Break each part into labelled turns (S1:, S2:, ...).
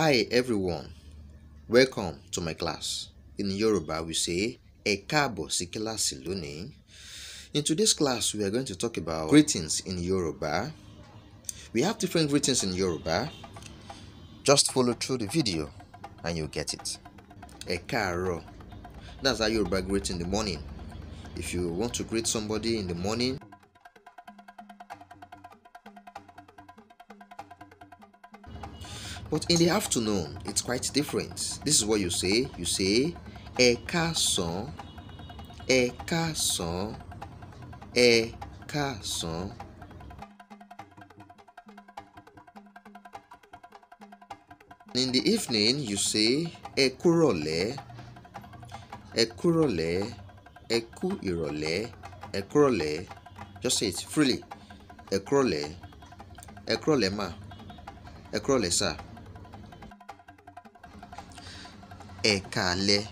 S1: Hi everyone, welcome to my class. In Yoruba we say Ekabo Sikilasi Luni. In today's class we are going to talk about greetings in Yoruba. We have different greetings in Yoruba. Just follow through the video and you'll get it. Ekaro. That's our Yoruba greet in the morning. If you want to greet somebody in the morning, But in the afternoon, it's quite different. This is what you say. You say, Eka son, Eka son, Eka son. In the evening, you say, Ekurole, Ekurole, Eku irole, Ekurole. Just say it freely. Ekurole, Ekurole ma, Ekurole sa. ekale.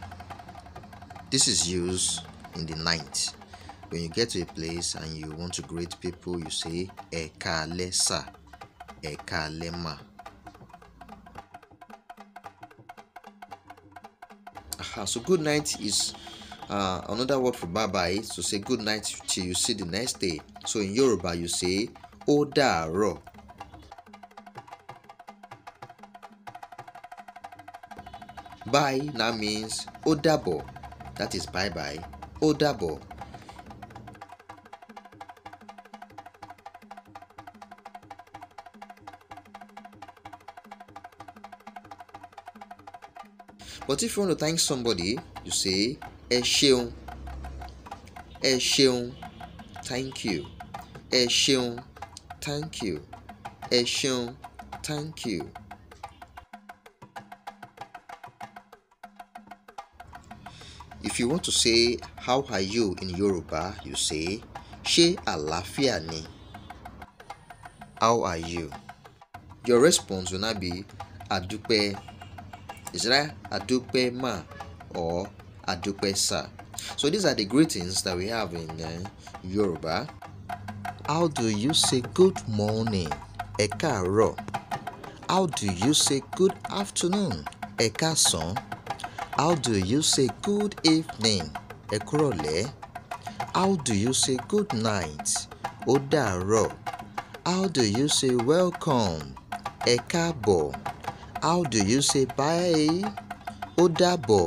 S1: This is used in the night. When you get to a place and you want to greet people, you say ekale sa, ekale ma. Aha, so good night is uh, another word for bye bye. So say good night till you see the next day. So in Yoruba, you say o ro. Bye now means odabo. that is bye bye, Odabo. But if you want to thank somebody, you say ẹ ṣeun, ẹ ṣeun, thank you, ẹ thank you, ẹ thank you. If you want to say how are you in Yoruba, you say ṣé àlàáfíà ni. How are you? Your response will now be Adupe, Is that Adupe ma or Adupe sa. So these are the greetings that we have in uh, Yoruba. How do you say good morning? Ẹ How do you say good afternoon? Ẹ How do you say good evening? Ẹ kúrọ̀lẹ́. How do you say good night? Ó dàárọ̀. How do you say welcome? Ẹ káàbọ̀. How do you say bye? Ó dàbọ̀.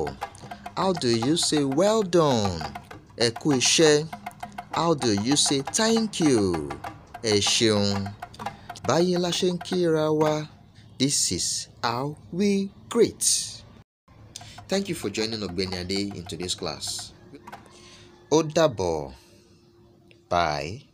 S1: How do you say well done? Ẹ kú iṣẹ́. How do you say thank you? Ẹ ṣeun. Báyìí la ṣe ń kíra wa. This is how we greet. Thank you for joining Day in today's class. Ó Bye.